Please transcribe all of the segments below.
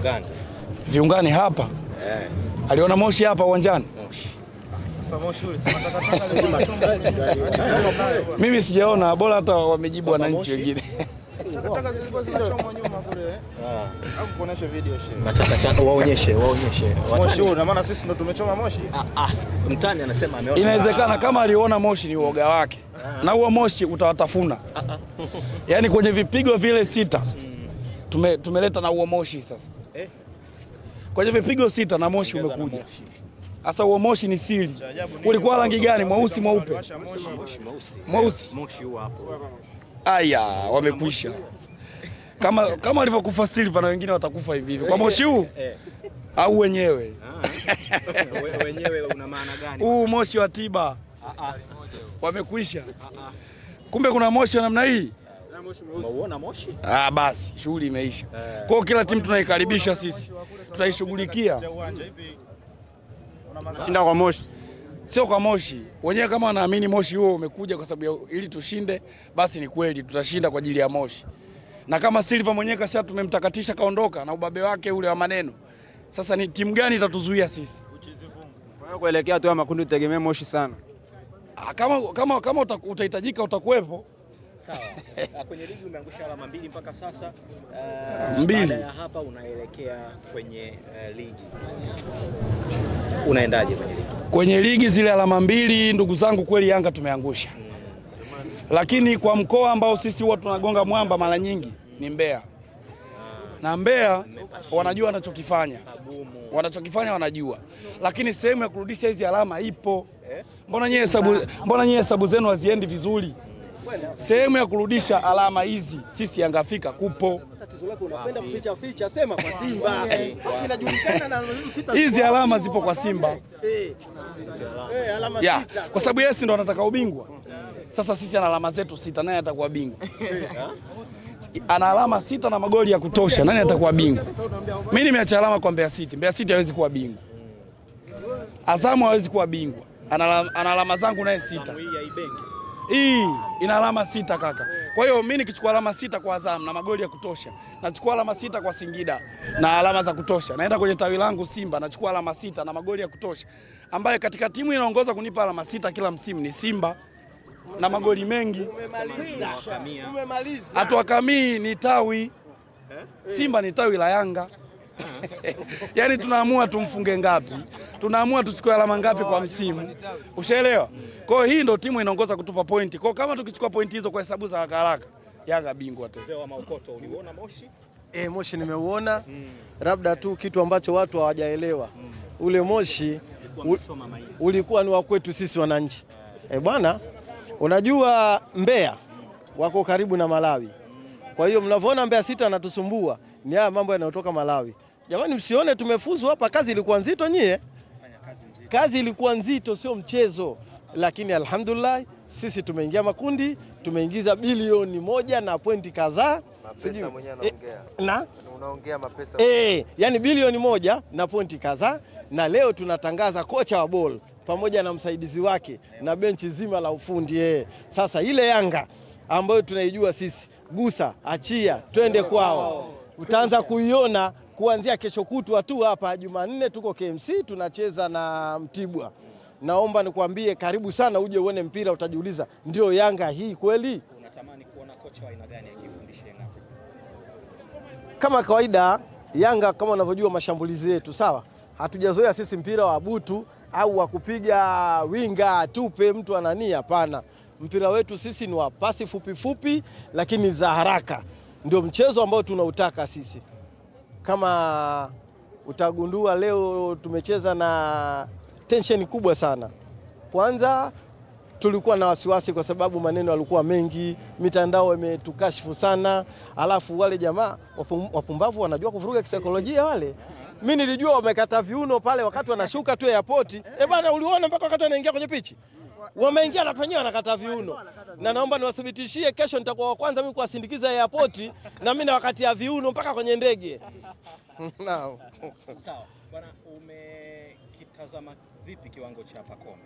viungani, viungani hapa yeah. Aliona moshi hapa uwanjani Mimi sijaona, bora hata wamejibu wananchi wengine. Inawezekana ah. kama aliona moshi ni uoga wake, ah. na huo moshi utawatafuna. Ah, yaani kwenye vipigo vile sita mm. tumeleta na huo moshi sasa Eh? Kwa hiyo vipigo sita na moshi umekuja sasa. Huo moshi ni siri, ulikuwa rangi gani? Mweusi, mweupe? Mweusi. Aya, wamekwisha kama kama walivyokufa Silva na wengine watakufa hivi hivi kwa moshi huu eh. au wenyewe. Ah. Wenyewe una maana gani? Huu moshi wa tiba ah, ah. wamekwisha. Kumbe kuna moshi wa namna hii moshi? Ah, basi shughuli imeisha. Eh. Kwa hiyo kila timu tunaikaribisha sisi, tutaishughulikia. Shinda kwa moshi sio kwa moshi wenyewe. Kama wanaamini moshi huo umekuja kwa sababu ili tushinde, basi ni kweli tutashinda kwa ajili ya moshi. Na kama Silva mwenyewe kasha tumemtakatisha, kaondoka na ubabe wake ule wa maneno. Sasa ni timu gani itatuzuia sisi? Kwa hiyo kuelekea tu ya makundi tutegemee moshi sana. Ah, kama, kama, kama utahitajika utakuwepo. Sawa. Ah, kwenye ligi umeangusha alama mbili mpaka sasa. Uh, mbili. Baada ya hapa unaelekea kwenye uh, ligi. Unaendaje kwenye ligi? Kwenye ligi zile alama mbili, ndugu zangu, kweli Yanga tumeangusha hmm. Lakini kwa mkoa ambao sisi huwa tunagonga mwamba mara nyingi ni Mbeya ah. na Mbeya wanajua wanachokifanya, wanachokifanya wanajua, lakini sehemu ya kurudisha hizi alama ipo. Eh? Mbona nyie hesabu, mbona nyie hesabu zenu haziendi vizuri? sehemu ya kurudisha alama hizi sisi Yanga Afrika kupo. Hizi alama zipo kwa Simba eh. Eh, ya kwa sababu yeye ndo anataka ubingwa. Sasa sisi ana alama zetu sita, naye atakuwa bingwa eh. ana alama sita na magoli ya kutosha, nani atakuwa bingwa? Mimi nimeacha alama kwa Mbeya City. Mbeya City hawezi kuwa bingwa, Azamu hawezi kuwa bingwa, ana alama zangu naye sita. Hii ina alama sita kaka. Kwa hiyo mimi nikichukua alama sita kwa Azam na magoli ya kutosha, nachukua alama sita kwa Singida na alama za kutosha, naenda kwenye tawi langu Simba nachukua alama sita na magoli ya kutosha, ambaye katika timu inaongoza kunipa alama sita kila msimu ni Simba na magoli mengi. umemaliza. kamii ni tawi eh? Simba, ni tawi la Yanga. yaani tunaamua tumfunge ngapi, tunaamua tuchukue alama ngapi kwa msimu, ushaelewa? Kwa hiyo hii ndio timu inaongoza kutupa pointi. Kwa kama tukichukua pointi hizo kwa hesabu za haraka haraka, Yanga bingwa tu. Mzee wa Maokoto, uliona Moshi? Eh, Moshi nimeuona, labda tu kitu ambacho watu hawajaelewa ule Moshi u, ulikuwa ni wa kwetu sisi wananchi eh, bwana. Unajua Mbeya wako karibu na Malawi, kwa hiyo mnavyoona Mbeya sita anatusumbua ni haya mambo yanayotoka Malawi. Jamani, msione tumefuzu hapa, kazi ilikuwa nzito nyie, kazi ilikuwa nzito, sio mchezo. Lakini alhamdulillah sisi tumeingia makundi, tumeingiza bilioni moja na pointi kadhaa eh, na unaongea mapesa eh, yani bilioni moja na pointi kadhaa, na leo tunatangaza kocha wa bol pamoja na msaidizi wake na benchi zima la ufundi eh. Sasa ile Yanga ambayo tunaijua sisi, gusa achia, twende kwao, utaanza kuiona kuanzia kesho kutwa tu hapa Jumanne tuko KMC tunacheza na Mtibwa. Naomba nikuambie, karibu sana uje uone mpira, utajiuliza ndio Yanga hii kweli? Unatamani kuona kocha wa aina gani akifundisha Yanga? Kama kawaida, Yanga kama unavyojua mashambulizi yetu sawa, hatujazoea sisi mpira wa butu au wa kupiga winga tupe mtu anani, hapana. Mpira wetu sisi ni wa pasi fupifupi, lakini za haraka, ndio mchezo ambao tunautaka sisi kama utagundua leo tumecheza na tensheni kubwa sana. Kwanza tulikuwa na wasiwasi kwa sababu maneno yalikuwa mengi, mitandao imetukashifu sana, alafu wale jamaa wapumbavu wanajua kuvuruga kisaikolojia wale. Mimi nilijua wamekata viuno pale wakati wanashuka tu airport. Eh bana, uliona mpaka wakati wanaingia kwenye pichi wameingia na penyewe wanakata viuno, na naomba niwathibitishie, kesho nitakuwa wa kwanza mimi kuwasindikiza airport na mimi nawakatia viuno mpaka kwenye ndege. Sawa bwana, umekitazama vipi kiwango cha Pacome?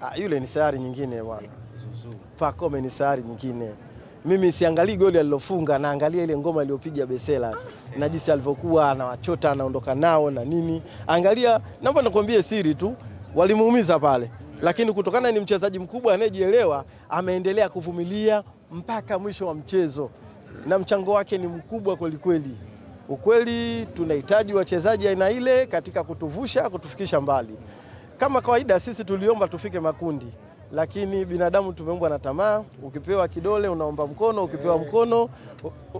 Ah, yule ni sayari nyingine bwana. Pacome ni sayari nyingine. Mimi siangalii goli alilofunga, naangalia ile ngoma iliyopiga Besela ah. na jinsi alivyokuwa anawachota anaondoka nao na nini. Angalia, naomba nakwambie siri tu, walimuumiza pale lakini kutokana ni mchezaji mkubwa anayejielewa, ameendelea kuvumilia mpaka mwisho wa mchezo na mchango wake ni mkubwa kwelikweli. Ukweli tunahitaji wachezaji aina ile katika kutuvusha, kutufikisha mbali. Kama kawaida, sisi tuliomba tufike makundi, lakini binadamu tumeumbwa na tamaa. Ukipewa kidole unaomba mkono, ukipewa mkono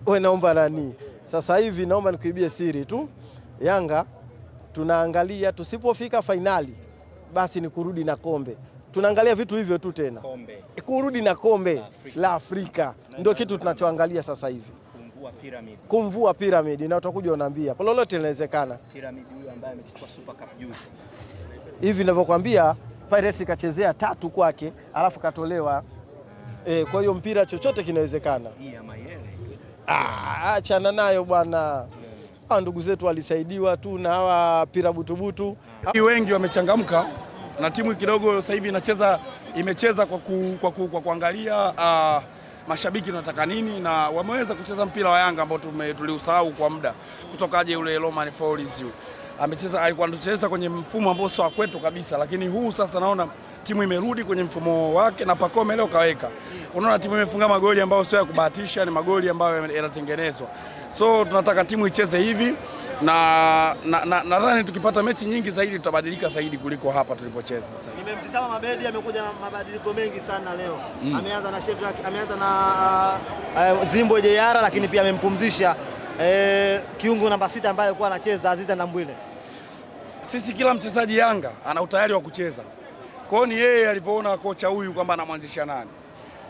unaomba nani? Sasa hivi naomba nikuibie siri tu, Yanga tunaangalia tusipofika fainali basi ni kurudi na kombe. Tunaangalia vitu hivyo tu tena kombe. E, kurudi na kombe Afrika, la Afrika ndio kitu tunachoangalia sasa hivi kumvua piramidi, na utakuja unaambia lolote linawezekana. Piramidi huyo ambaye amechukua Super Cup juzi hivi ninavyokuambia, Pirates ikachezea tatu kwake alafu katolewa. E, kwa hiyo mpira chochote kinawezekana. Ah, achana nayo bwana hawa ah, ndugu zetu walisaidiwa tu na hawa pirabutubutu. Wengi wamechangamka na timu kidogo sasa hivi inacheza imecheza kwa, ku, kwa, ku, kwa kuangalia uh, mashabiki wanataka nini, na wameweza kucheza mpira wa Yanga ambao tuliusahau kwa muda. Kutokaje ule Roman yule amecheza, alikuwa anacheza kwenye mfumo ambao sio kwetu kabisa, lakini huu sasa naona timu imerudi kwenye mfumo wake na Pacome leo kaweka. Unaona timu imefunga magoli ambayo sio ya kubahatisha, ni magoli ambayo yanatengenezwa. So tunataka timu icheze hivi na nadhani na, na tukipata mechi nyingi zaidi tutabadilika zaidi kuliko hapa tulipocheza sasa hivi. Nimemtazama Mabedi, amekuja mabadiliko mengi sana leo mm. Ameanza na Shedrack, ameanza na uh, uh, Zimbo Jeyara, lakini pia amempumzisha uh, kiungo namba sita ambaye alikuwa anacheza Aziza Ndambwile. Sisi kila mchezaji Yanga ana utayari wa kucheza kwa hiyo ni yeye alivyoona kocha huyu kwamba anamwanzisha nani.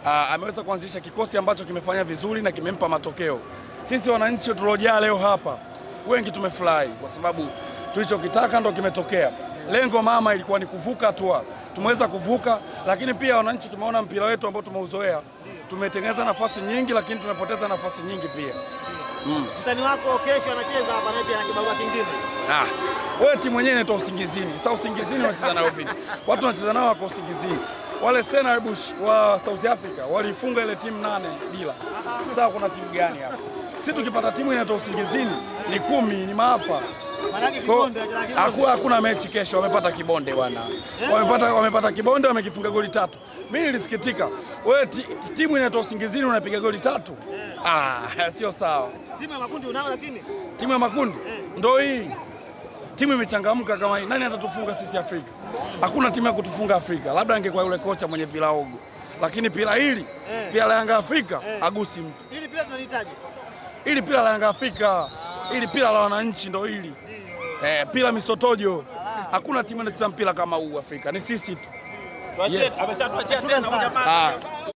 Aa, ah, ameweza kuanzisha kikosi ambacho kimefanya vizuri na kimempa matokeo. Sisi wananchi tuliojaa leo hapa wengi tumefurahi kwa sababu tulichokitaka ndo kimetokea. Lengo mama ilikuwa ni kuvuka hatua, tumeweza kuvuka, lakini pia wananchi tumeona mpira wetu ambao tumeuzoea, tumetengeneza nafasi nyingi, lakini tumepoteza nafasi nyingi pia. Mm. Mtani wako kesho anacheza hapa na pia na kibarua kingine. Ah. Wewe timu yenyewe inaitwa usingizini. Sasa usingizini wanacheza nao vipi? Watu wanacheza nao hapo usingizini. Wale Stena Bush wa South Africa walifunga ile timu nane bila. Sasa kuna timu gani hapa? Sisi tukipata timu inaitwa usingizini ni kumi, ni maafa. Hakuna hakuna mechi kesho, wamepata kibonde bwana, eh? wamepata wamepata kibonde, wamekifunga goli tatu. Mimi nilisikitika, wewe timu inatoa usingizini unapiga goli tatu? Eh. Ah, sio sawa. Timu ya makundi unao, lakini timu ya makundi eh. ndio hii timu imechangamka kama hii, nani atatufunga sisi Afrika? Hakuna timu ya kutufunga Afrika, labda angekuwa yule kocha mwenye pila ogo, lakini pila hili pila la Yanga Afrika agusi mtu, ili pila tunahitaji, hili pila la Yanga Afrika ili pila la wananchi ndo hili eh, pila misotojo. Hakuna timu inacheza mpira kama huu Afrika, ni sisi tu. Yes.